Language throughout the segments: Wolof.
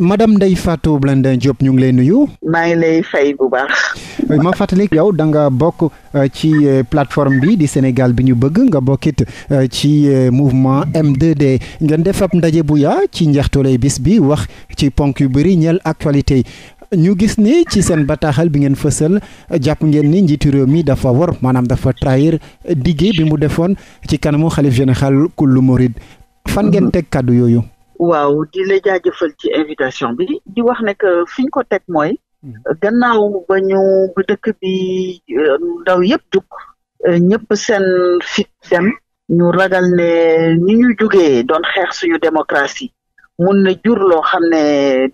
madame Ndeye Fatou Blondin Diop ñu ngi lay nuyu. maa ngi lay fay bu baax. ma fàttali yow da nga bokk euh, ci euh, plateforme bi di Sénégal bi ñu bëgg nga bokkit euh, ci mouvement m ngeen def ab ndaje bu yaa ci njeextoolay bis bi wax ci ponk yu bëri ñeel actualité ñu gis ni ci seen bataaxal bi ngeen fësal jàpp ngeen ni njiitu réew mi dafa war maanaam dafa trahir digge bi mu defoon ci kanamu xalif général kullu murid fan ngeen mhm. teg kàddu yooyu. waaw di la jaajëfal ci invitation bi di wax ne que fi ñu ko teg mooy mhm. gannaaw ba ñu ba dëkk bi euh, ndaw yëpp jug euh, ñëpp seen fit dem ñu ragal ne ni ñu jugee doon xeex suñu démocratie mun na jur loo xam ne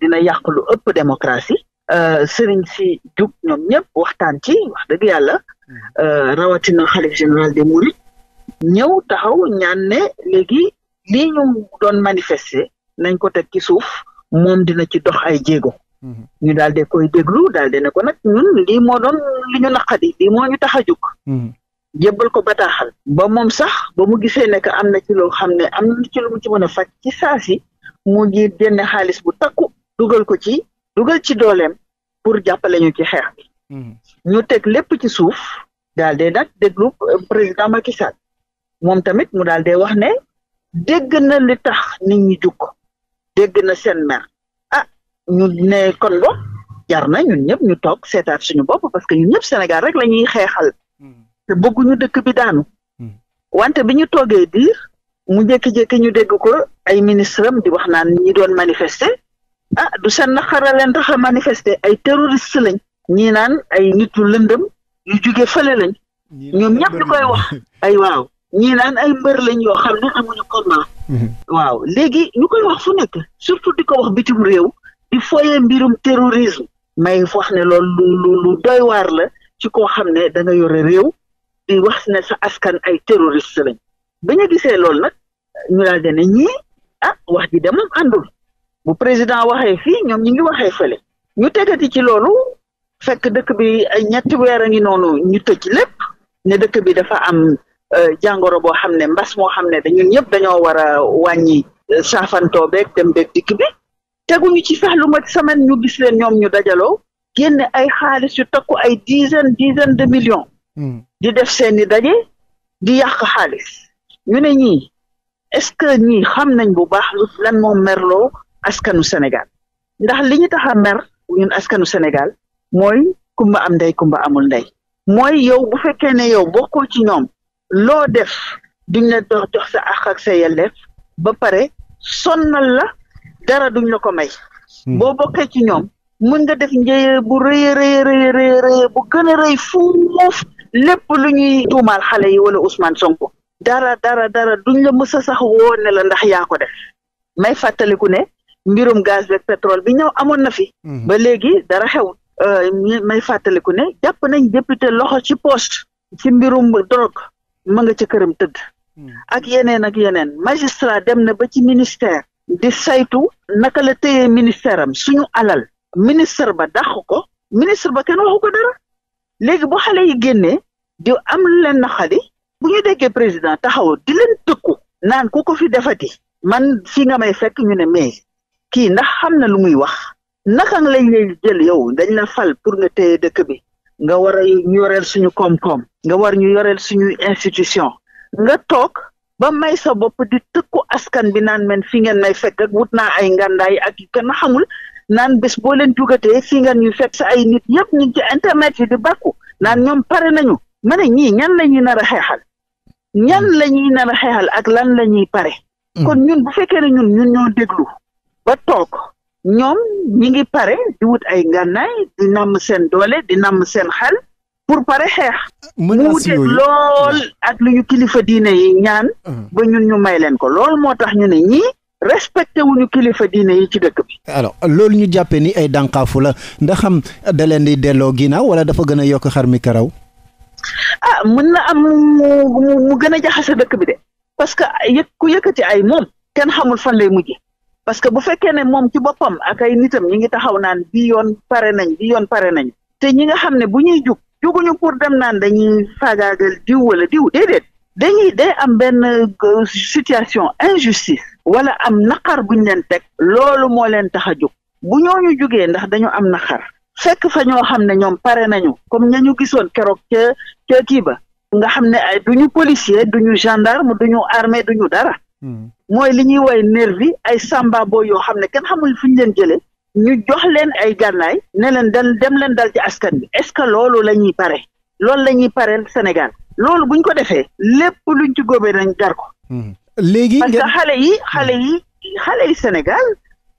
dina yàq lu ëpp démocratie euh, sëriñ si jug ñoom ñëpp waxtaan ci wax dëgg yàlla mhm. rawatina xalif général des mourides ñëw taxaw ñaan ne léegi lii ñu doon manifester nañ ko teg ci suuf moom dina ci dox ay jéego. Mhm. ñu daal de koy déglu daal de ne ko nag ñun lii moo doon li ñu naqadi lii moo ñu tax a jóg. Mhm. jébbal ko bataaxal. ba moom sax ba mu gisee ne que am na ci loo xam ne am na ci mu ci mën a ci saa si mu ngi génne xaalis bu takku dugal ko ci dugal ci dooleem pour jàppale ñu ci xeex bi. Mhm. ñu teg lépp ci suuf daal de nag déglu euh, président Macky Sall moom tamit mu daal de wax ne dégg na li tax nit ñi jug ko dégg na seen mer a ah, ñu ne kon bo jar na ñun ñëpp ñu toog seetaat suñu bopp parce que ñun ñëpp Sénégal rek la xeexal te bëgguñu dëkk bi daanu wante bi ñu toogee diir mu jékki-jékki ñu dégg ko ay ministre di wax naan ñi doon manifester ah du seen naqara leen tax a manifester ay terroriste lañ ñi naan ay nit yu lëndëm yu jóge fële lañ ñoom ñëpp ñu koy wax ay waaw ñii naan ay mbër lañ yoo xam ne amuñu combat Mhm. waaw léegi ñu koy wax fu nekk surtout di ko wax bitim réew di foyee mbirum terrorisme may wax ne loolu lu lu doy waar la ci koo xam ne da yore réew di wax ne sa askan ay terroriste lañ ba ñu gisee loolu nag ñu daal di ne ñii ah wax ji de moom àndul bu président waxee fii ñoom ñu ngi waxee fële ñu tegati ci loolu fekk dëkk bi ay ñett weer a ngi noonu ñu tëj lépp ne dëkk bi dafa am Euh, jàngoro boo xam ne mbas moo xam ne dañun ñëpp dañoo war a wàññi euh, saafantoo beeg dem beeg dikk teguñu ci sax ma semaine ñu gis leen ñoom ñu dajaloo génne ay xaalis yu takku ay dizaine dizaine de millions hmm. di def seeni daje di yàq xaalis ñu ne ñii est-ce que ñii xam nañ bu baax lan moo merloo askanu Sénégal ndax li ñu tax a ñun askanu Sénégal mooy kumba am ndey kumba amul ndey mooy yow bu fekkee ne yow bokkoo ci ñoom loo def duñ la dox jox sa àq ak sa ba pare sonnal la dara duñ la ko may. Hmm. boo bokkee ci ñoom mën nga def njëye bu rëy rëy rëy bu gën a rëy fuuf lépp lu ñuy tuumaal xale yi wala Ousmane Sonko. dara dara dara duñ la mës a sax woo ne la ndax yaa ko def may fàttaliku ne mbirum gaz beeg pétrole bi ñëw amoon na fi. Hmm. ba léegi dara xew. Euh, may fàttaliku ne jàpp nañ député loxo ci poste ci mbirum drogue ma nga ca këram tëdd hmm. ak yeneen ak yeneen magistrat dem na ba ci ministère di saytu naka la téye ministère am suñu alal ministre ba dàq ko ministre ba kenn waxu ko dara léegi bu xale yi génnee di am lu leen naxadi bu ñu déggee président taxaw di leen tëkku naan ku ko fi defati man fi nga may fekk ñu ne mais kii ndax xam na lu muy wax naka nga lañ lay jël yow dañ la fal pour nga téye dëkk bi nga war a ñu yoreel suñu koom-koom nga war ñu yoreel suñuy institution nga toog ba may sa bopp di tëkku askan bi naan men fi ngeen may fekk ak wut naa ay ngàndaay ak yu kenn xamul naan bés boo leen jugatee fi ngeen ñu fekk sa ay nit yëpp ñu ci internet yi di bàkku naan ñoom pare nañu mën ne ñii ñan la ñuy nar a xeexal ñan la ñuy nar a ak lan la ñuy pare mm. kon ñun bu fekkee ne ñun ñun ñoo déglu ba toog ñoom ñi ngi pare di wut ay ngànnaay di namm seen doole di namm seen xel pour pare xeex mu wuteeg lool ak lu ñu kilifa diine yi ñaan ah. ba ñun ñu may leen ko lool moo tax ñu ne ñii respecté wuñu kilifa diine yi ci dëkk bi. alors loolu ñu jàppee ni ay dànkaafu la ndax xam da leen di delloo ginnaaw wala dafa gën a yokk xar mi karaw. ah mën na am mu mu gën a jaxase dëkk bi de parce que yëg ku yëkkati ay moom kenn xamul fan lay mujjee parce que bu fekkee ne moom ci boppam ak ay nitam ñi ngi taxaw naan bi yoon pare nañ bi yoon pare nañ te ñi nga xam ne bu ñuy jug juguñu pour dem naan dañuy faagaagal diw wala diw déedéet dañuy day am benn euh, situation injustice wala am naqar buñ leen teg loolu moo leen tax a jug bu ñooñu jugee ndax dañu am naqar fekk fa ñoo xam ne ñoom pare nañu comme ñañu gisoon keroog ca ca kii ba nga xam ne ay duñu policier duñu gendarme duñu armée duñu dara mooy li ñuy woy nervi ay samba boo yoo xam ne kenn xamul fu ñu leen jëlee ñu jox leen ay gànnaay ne leen dem dem leen dal ci askan bi est-ce que loolu la ñuy pare loolu la ñuy pareel Sénégal loolu buñ ko defee lépp luñ ci góobee nañ gar ko. léegi yi xale yi xale yi Sénégal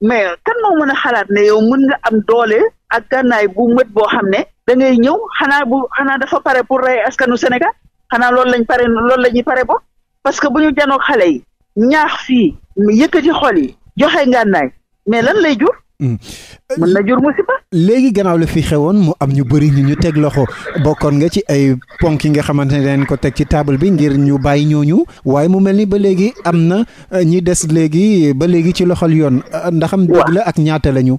mais kan moo mën a xalaat ne yow mun nga am doole ak gànnaay bu mët boo xam ne da ngay ñëw xanaa bu xanaa dafa pare pour rey askanu Sénégal xanaa loolu lañ pare loolu la ñuy pare bo parce que bu ñu janoog xale yi ñaax fii yëkkati xol yi joxe ngànnaay mais lan lay jur. Hmm. mën na jur musiba. léegi gannaaw la fi xewoon mu am ñu bëri ñu ñu teg loxo bokkoon nga ci ay ponk yi nga xamante ne dañ ko teg ci table bi ngir ñu bàyyi ñooñu waaye mu mel ni ba léegi am na eh, ñi des léegi ba léegi ci loxol yoon. Eh, ndaxam dëgg la ak ñaata lañu.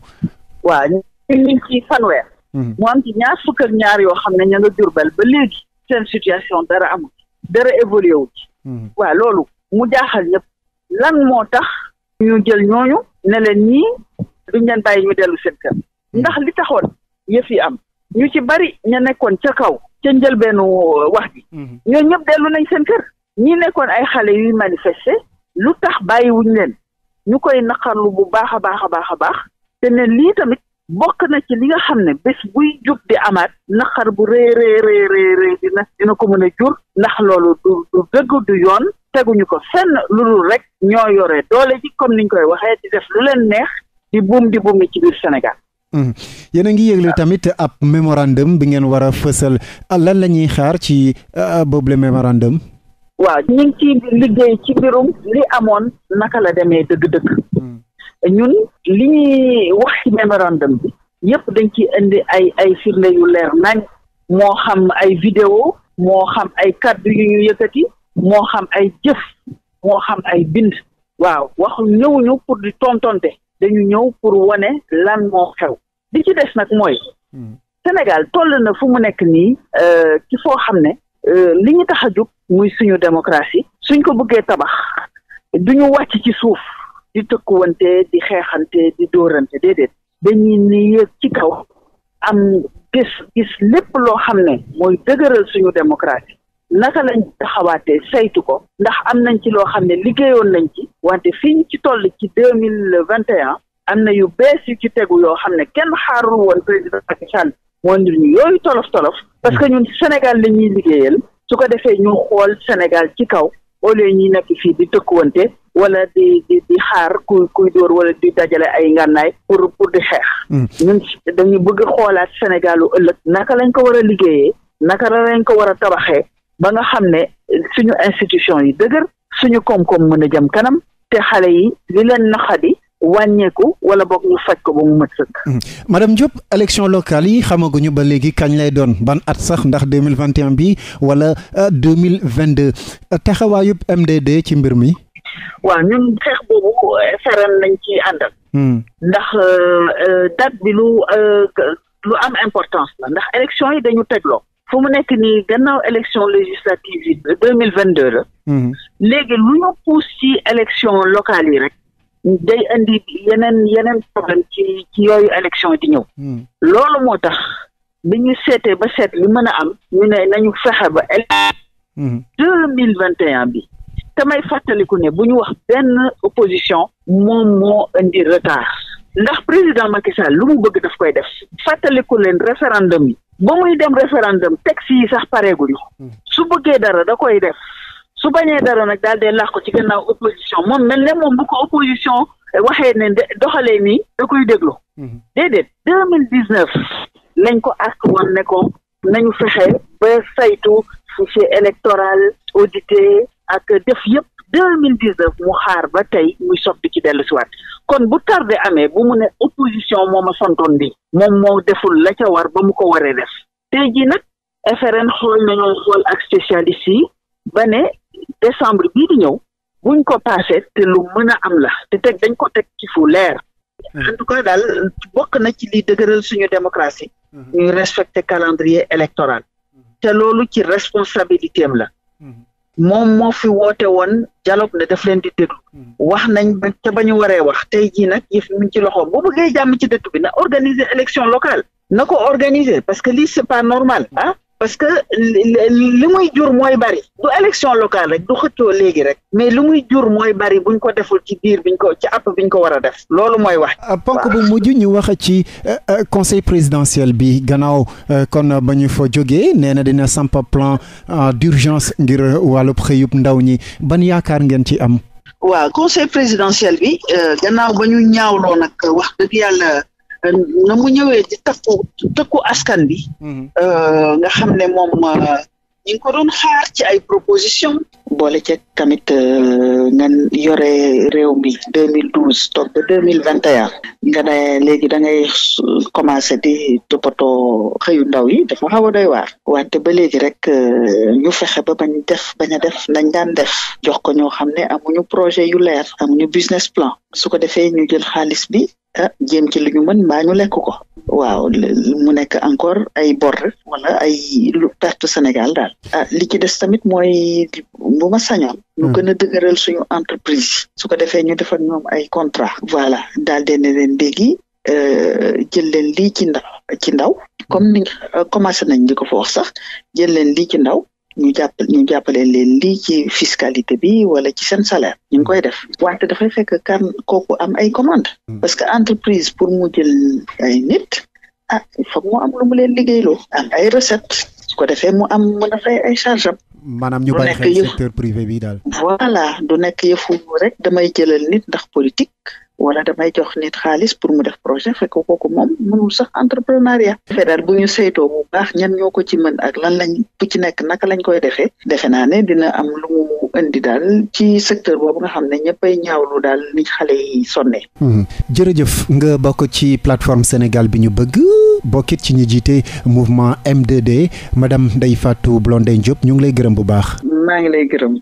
waaw ñu ngi ci fanweer. Hmm. mu am ci ñaar fukk ak ñaar yoo xam ne ña nga Jurbel ba léegi seen situation dara amul dara évolué wu ci. Hmm. loolu. mu jaaxal ñëpp lan moo tax ñu jël ñooñu ne leen ñii duñ leen bàyyi ñu dellu seen kër ndax li taxoon yëf yi am ñu ci bari ña nekkoon ca kaw ca njëlbeenu uh, wax ji mhm. ñoo ñëpp dellu nañ seen kër ñi nekkoon ay xale yuy manifester lu tax bàyyiwuñ leen ñu koy naqarlu bu baax a baax a baax a baax te ne lii tamit bokk na ci li nga xam ne bés buy jub di amaat naqar bu rëy rëy dina ko mën a jur ndax loolu du du dëgg du yoon teguñu ko fenn lu dul rek ñoo yore doole ji comme niñ koy waxee di def lu leen neex di buum di buumi ci biir senegal yéen a ngi yëgle tamit ab mémorandum bi ngeen war a fësal lan la ñuy xaar ci euh, boobule mémorandum. waaw ñu ngi ciy liggéey ci mbirum li amoon naka la demee dëgg-dëgg. ñun li ñuy wax ci mémorandum bi yépp dañ ciy indi ay ay firnde yu leer nañ moo xam ay vidéo moo xam ay kàddu yu ñu moo xam ay jëf moo xam ay bind waaw waxu ñëwuñu pour di tontonte dañu ñëw pour wane lan moo xew li ci des nag mooy hmm. Sénégal toll na fu mu nekk nii euh, ci foo xam ne euh, li ñu tax a jóg muy suñu démocratie suñ ko bëggee tabax duñu wàcc ci suuf di tëkkuwante di xeexante di dóorante déedéet dañuy ni yëg ci kaw am gis gis lépp loo xam ne mooy dëgëral suñu démocratie naka lañ taxawaatee saytu ko ndax am nañ ci loo xam ne liggéeyoon nañ ci wante fii ñu ci toll ci deux mille vingt et un am na yu bees yu ci tegu yoo xam ne kenn xaarul woon président Macky Sall moo ndir ñu yooyu tolof tolof parce que ñun Sénégal lañuy ñuy su ko defee ñu xool Sénégal ci kaw au lieu ñuy nekk fii di tëkkuwante wala di xaar kuy kuy dóor wala di dajale ay ngànnaay pour pour di xeex. Hmm. ñun dañu bëgg xoolaat Sénégalu ëllëg naka lañ ko war a liggéeyee naka lañ ko war a tabaxee. ba nga xam ne suñu institution yi dëgër suñu koom-koom mën a jëm kanam te xale yi li leen naxadi wàññeeku wala boog ñu faj ko ba mu mat sëkk. Hmm. madame Diop élection locale yi xamaguñu ba léegi kañ lay doon ban at sax ndax deux mille vingt et un bi wala euh, deux mille vingt deux taxawaayub MDD ci mbir mi. waa ñun xeex boobu euh, FRN lañ ci àndal. Hmm. ndax euh, date bi lu lu am importance la ndax élection yi dañu tegloo. fu mu nekk nii gannaaw élection législative yi deux mille vingt deux la. Mhm. léegi lu ñu pousse ci élection locale yi rek. day indi yeneen yeneen problème ci yooyu élection di ñëw. Mhm. loolu moo tax bi ñu seetee ba seet li mën a am ñu ne nañu fexe ba mhm. deux mille vingt et un bi. damay fàttaliku ne bu ñu wax benn opposition moom moo indi retard. ndax président Macky Sall lu mu bëgg daf koy def fàttaliku leen référendum yi ba muy dem référendum texte yi sax pareeguñu su bëggee dara da koy def su bañee dara nag daal dee ko ci gannaaw opposition moom mel ne moom bu ko opposition waxee ne doxalee nii da koy déglu mhm. déedéet deux mille dix neuf lañ ko àq woon ne ko nañu fexe ba saytu fichier électoral audité ak def yëpp deux mille dix neuf mu xaar ba tey muy soppi ci dellu si waat kon bu tardé amee bu mu ne opposition moo ma santoon bi moom moo deful la ca war ba mu ko waree def tey jii nag FRN xool nañoo xool ak spécialiste yi ba ne décembre bii di ñëw buñ ko passé te lu mën am la te teg dañ ko teg ci fu leer hmm. en daal bokk na ci li dëgëral suñu démocratie hmm. ñuy respecter calendrier électoral hmm. te loolu ci responsabilité la moom moo fi woote woon dialogue ne def leen di déglu hmm. wax nañ ba ca ba ñu waree wax tey jii nag yëf mi ngi ci loxoom bu bëggee jàmm ci dëkk bi na organiser élection locale na ko organiser parce que li c'est pas normal ah parce que li muy jur mooy bari du élection locale rek du xëccoo léegi rek mais li muy jur mooy bari buñ ko deful ci biir biñ ko ci app biñ ko war a def loolu mooy wax. Ah, ponk bu mujj ñu wax ci euh, euh, conseil présidentiel bi gannaaw euh, kon ba ñu fa jógee nee na dina samp plan d'urgence ngir wàllub xëyub ndaw ñi ban yaakaar ngeen ci am. waaw conseil présidentiel bi gannaaw ba ñu ñaawloo nag wax dëgg yàlla. na mu ñëwee di takku takku askan bi mhm. euh, nga xam ne moom euh, ñu ngi ko doon ci ay proposition boole ceeg tamit euh, nga yore réew mi deux mille douze toog ba deux mille vingt et un nga ne léegi da ngay commencé di toppatoo xëyu ndaw yi dafa xaw a doy waar wante ba léegi rek ñu fexe ba bañ def bañ a def nañ daan def jox ko ñoo xam ne amuñu projet yu leer amuñu business plan su ko defee ñu jël xaalis bi ah jéem ci li ñu mën ñu lekk ko waaw mu nekk encore ay bor wala ay lu perte Sénégal daal ah li ci des tamit mooy bu ma sañoon ñu hmm. gën a dëgëral suñu entreprise su ko defee ñu def ñoom ay contrat voilà daal deen leen léegi euh, jël leen lii ci ndaw ci ndaw comme ni commencé nañ di ko fa sax jël leen lii ci ndaw ñu jàpp ñu jàppale leen lii ci fiscalité bi wala ci seen salaire ñu ngi koy def wante dafay fekk kan kooku am ay commande hmm. parce que entreprise pour mu jël ay nit ah il mu am lu mu leen liggéeyloo am ay recette su ko defee mu am mën a ay charge am maanaam ñu bàyyi xel secteur privé bi daal. voilà du nekk rek damay jëlal nit ndax politique wala damay jox nit xaalis pour mu def projet fekk kooku moom mënul sax entrepreneuriat defe daal bu ñu saytoo bu baax ñan ñoo ko ci mën ak lan lañ bu ci nekk naka lañ koy defee defe naa ne dina am lu mu indi daal ci secteur boobu nga xam ne ñëppay ñaawlu daal ni xale yi sonne hmm. jërëjëf nga bokk ci plateforme Sénégal bi ñu bëgg bokkit ci ñu jiite mouvement M2D madame Ndeye Fatou Blondin Diop ñu ngi lay gërëm bu baax maa ngi lay gërëm